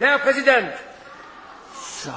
Herr Präsident! So.